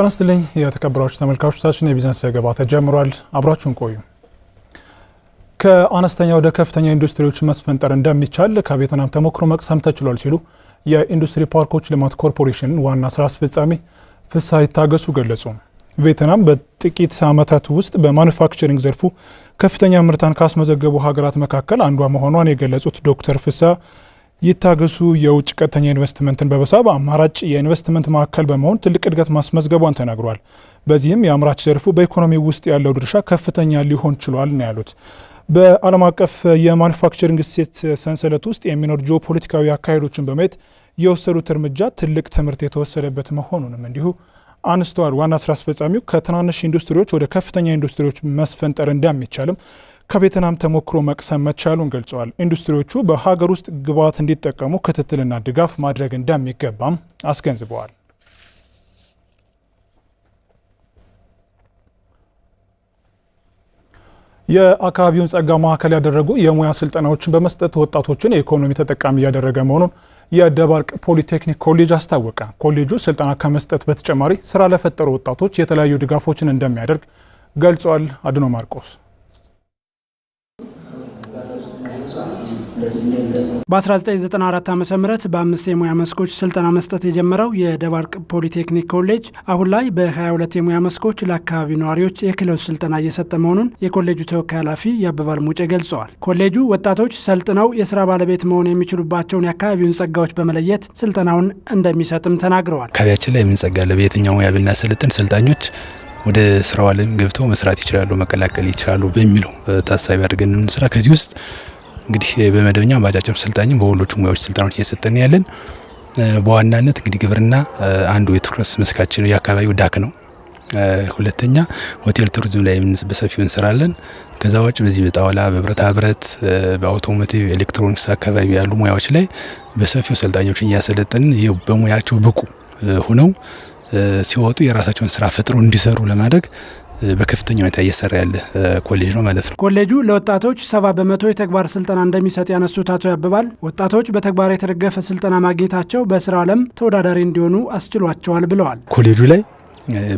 ጤና ይስጥልኝ የተከበራችሁ ተመልካቾቻችን፣ የቢዝነስ ዘገባ ተጀምሯል። አብራችሁን ቆዩ። ከአነስተኛ ወደ ከፍተኛ ኢንዱስትሪዎች መስፈንጠር እንደሚቻል ከቬትናም ተሞክሮ መቅሰም ተችሏል ሲሉ የኢንዱስትሪ ፓርኮች ልማት ኮርፖሬሽን ዋና ስራ አስፈጻሚ ፍሳ ይታገሱ ገለጹ። ቬትናም በጥቂት ዓመታት ውስጥ በማኑፋክቸሪንግ ዘርፉ ከፍተኛ ምርታን ካስመዘገቡ ሀገራት መካከል አንዷ መሆኗን የገለጹት ዶክተር ፍሳ ይታገሱ የውጭ ቀጥተኛ ኢንቨስትመንትን በመሳብ አማራጭ የኢንቨስትመንት ማዕከል በመሆን ትልቅ እድገት ማስመዝገቧን ተናግሯል። በዚህም የአምራች ዘርፉ በኢኮኖሚ ውስጥ ያለው ድርሻ ከፍተኛ ሊሆን ችሏል ነው ያሉት። በዓለም አቀፍ የማኑፋክቸሪንግ እሴት ሰንሰለት ውስጥ የሚኖር ጂኦፖለቲካዊ አካሄዶችን በማየት የወሰዱት እርምጃ ትልቅ ትምህርት የተወሰደበት መሆኑንም እንዲሁ አንስተዋል። ዋና ስራ አስፈጻሚው ከትናንሽ ኢንዱስትሪዎች ወደ ከፍተኛ ኢንዱስትሪዎች መስፈንጠር እንደሚቻልም ከቬትናም ተሞክሮ መቅሰም መቻሉን ገልጸዋል። ኢንዱስትሪዎቹ በሀገር ውስጥ ግብዓት እንዲጠቀሙ ክትትልና ድጋፍ ማድረግ እንደሚገባም አስገንዝበዋል። የአካባቢውን ጸጋ ማዕከል ያደረጉ የሙያ ስልጠናዎችን በመስጠት ወጣቶችን የኢኮኖሚ ተጠቃሚ እያደረገ መሆኑን የደባርቅ ፖሊቴክኒክ ኮሌጅ አስታወቀ። ኮሌጁ ስልጠና ከመስጠት በተጨማሪ ስራ ለፈጠሩ ወጣቶች የተለያዩ ድጋፎችን እንደሚያደርግ ገልጿል። አድኖ ማርቆስ በ1994 ዓ ም በአምስት የሙያ መስኮች ስልጠና መስጠት የጀመረው የደባርቅ ፖሊቴክኒክ ኮሌጅ አሁን ላይ በ22 የሙያ መስኮች ለአካባቢው ነዋሪዎች የክለው ስልጠና እየሰጠ መሆኑን የኮሌጁ ተወካይ ኃላፊ የአበባል ሙጬ ገልጸዋል። ኮሌጁ ወጣቶች ሰልጥነው የስራ ባለቤት መሆን የሚችሉባቸውን የአካባቢውን ጸጋዎች በመለየት ስልጠናውን እንደሚሰጥም ተናግረዋል። አካባቢያችን ላይ ምን ጸጋ በየትኛው ሙያ ብናሰለጥን ሰልጣኞች ወደ ስራው ገብተው መስራት ይችላሉ፣ መቀላቀል ይችላሉ በሚለው ታሳቢ አድርገን ስራ ከዚህ ውስጥ እንግዲህ በመደበኛ በአጫጭር ስልጣኝም በሁሉም ሙያዎች ስልጠናዎች እየሰጠን ያለን በዋናነት እንግዲህ ግብርና አንዱ የትኩረት መስካችን ነው። የአካባቢው ዳክ ነው። ሁለተኛ ሆቴል ቱሪዝም ላይ በሰፊው እንሰራለን። ከዛ ውጭ በዚህ በጣውላ በብረታ ብረት፣ በአውቶሞቲቭ ኤሌክትሮኒክስ አካባቢ ያሉ ሙያዎች ላይ በሰፊው ሰልጣኞችን እያሰለጠንን በሙያቸው ብቁ ሁነው ሲወጡ የራሳቸውን ስራ ፈጥረው እንዲሰሩ ለማድረግ በከፍተኛ ሁኔታ እየሰራ ያለ ኮሌጅ ነው ማለት ነው። ኮሌጁ ለወጣቶች ሰባ በመቶ የተግባር ስልጠና እንደሚሰጥ ያነሱት አቶ ያብባል ወጣቶች በተግባር የተደገፈ ስልጠና ማግኘታቸው በስራ ዓለም ተወዳዳሪ እንዲሆኑ አስችሏቸዋል ብለዋል። ኮሌጁ ላይ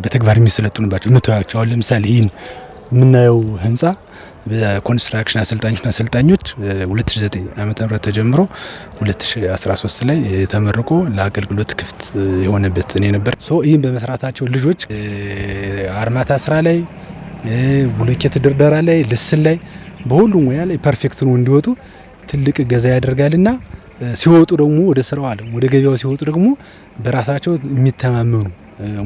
በተግባር የሚሰለጥኑባቸው እንተያቸዋል። ለምሳሌ ይህን የምናየው ህንፃ በኮንስትራክሽን አሰልጣኞችና አሰልጣኞች 2009 ዓ.ም ተጀምሮ 2013 ላይ ተመርቆ ለአገልግሎት ክፍት የሆነበት እኔ ነበር። ይህም በመስራታቸው ልጆች አርማታ ስራ ላይ፣ ብሎኬት ድርደራ ላይ፣ ልስን ላይ በሁሉም ሙያ ላይ ፐርፌክት ነው እንዲወጡ ትልቅ ገዛ ያደርጋልና ሲወጡ ደግሞ ወደ ስራው ዓለም ወደ ገበያው ሲወጡ ደግሞ በራሳቸው የሚተማመኑ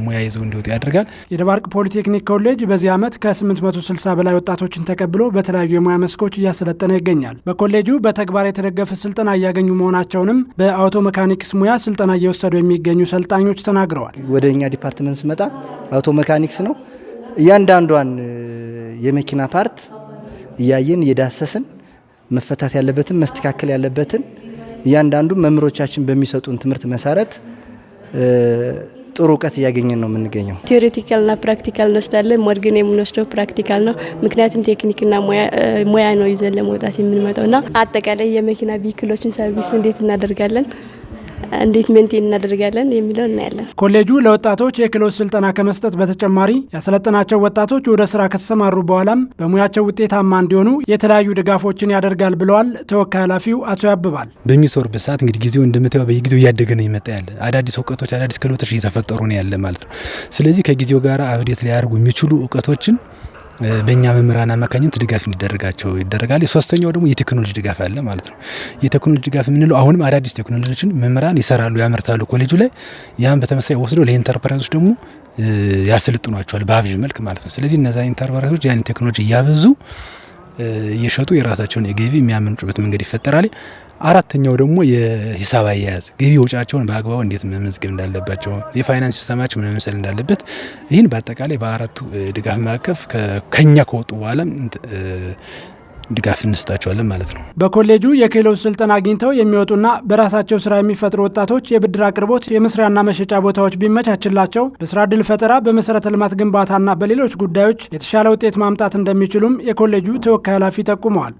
ሙያ ይዘው እንዲወጡ ያደርጋል። የደባርቅ ፖሊቴክኒክ ኮሌጅ በዚህ ዓመት ከ860 በላይ ወጣቶችን ተቀብሎ በተለያዩ የሙያ መስኮች እያሰለጠነ ይገኛል። በኮሌጁ በተግባር የተደገፈ ስልጠና እያገኙ መሆናቸውንም በአውቶ መካኒክስ ሙያ ስልጠና እየወሰዱ የሚገኙ ሰልጣኞች ተናግረዋል። ወደ እኛ ዲፓርትመንት ስመጣ አውቶ መካኒክስ ነው። እያንዳንዷን የመኪና ፓርት እያየን እየዳሰስን መፈታት ያለበትን መስተካከል ያለበትን እያንዳንዱ መምህሮቻችን በሚሰጡን ትምህርት መሰረት ጥሩ እውቀት እያገኘን ነው የምንገኘው። ቴዎሬቲካልና ፕራክቲካል እንወስዳለን። ሞድ የምንወስደው ፕራክቲካል ነው። ምክንያቱም ቴክኒክና ሙያ ነው ይዘን ለመውጣት የምንመጣው የምንመጣውና አጠቃላይ የመኪና ቪክሎችን ሰርቪስ እንዴት እናደርጋለን እንዴት ሜንቴን እናደርጋለን የሚለው እናያለን። ኮሌጁ ለወጣቶች የክህሎት ስልጠና ከመስጠት በተጨማሪ ያሰለጠናቸው ወጣቶች ወደ ስራ ከተሰማሩ በኋላም በሙያቸው ውጤታማ እንዲሆኑ የተለያዩ ድጋፎችን ያደርጋል ብለዋል ተወካይ ኃላፊው አቶ ያብባል። በሚሰሩበት ሰዓት እንግዲህ ጊዜው እንደምታየው በየጊዜው እያደገ ነው ይመጣ ያለ አዳዲስ እውቀቶች አዳዲስ ክህሎቶች እየተፈጠሩ ነው ያለ ማለት ነው። ስለዚህ ከጊዜው ጋር አብዴት ሊያደርጉ የሚችሉ እውቀቶችን በእኛ መምህራን አማካኝነት ድጋፍ እንዲደረጋቸው ይደረጋል። ሶስተኛው ደግሞ የቴክኖሎጂ ድጋፍ አለ ማለት ነው። የቴክኖሎጂ ድጋፍ የምንለው አሁንም አዳዲስ ቴክኖሎጂዎችን መምህራን ይሰራሉ፣ ያመርታሉ ኮሌጁ ላይ ያን በተመሳይ ወስደው ለኢንተርፕራይዞች ደግሞ ያሰልጥኗቸዋል በአብዥ መልክ ማለት ነው። ስለዚህ እነዛ ኢንተርፕራይዞች ያን ቴክኖሎጂ እያበዙ እየሸጡ የራሳቸውን የገቢ የሚያመንጩበት መንገድ ይፈጠራል። አራተኛው ደግሞ የሂሳብ አያያዝ ገቢ ወጫቸውን በአግባቡ እንዴት መመዝገብ እንዳለባቸው የፋይናንስ ሲስተማቸው ምን መምሰል እንዳለበት ይህን በአጠቃላይ በአራቱ ድጋፍ ማዕቀፍ ከኛ ከወጡ በኋላም ድጋፍ እንስጣቸዋለን ማለት ነው። በኮሌጁ የክህሎት ስልጠና አግኝተው የሚወጡና በራሳቸው ስራ የሚፈጥሩ ወጣቶች የብድር አቅርቦት፣ የመስሪያና መሸጫ ቦታዎች ቢመቻችላቸው በስራ ድል ፈጠራ፣ በመሰረተ ልማት ግንባታና በሌሎች ጉዳዮች የተሻለ ውጤት ማምጣት እንደሚችሉም የኮሌጁ ተወካይ ኃላፊ ጠቁመዋል።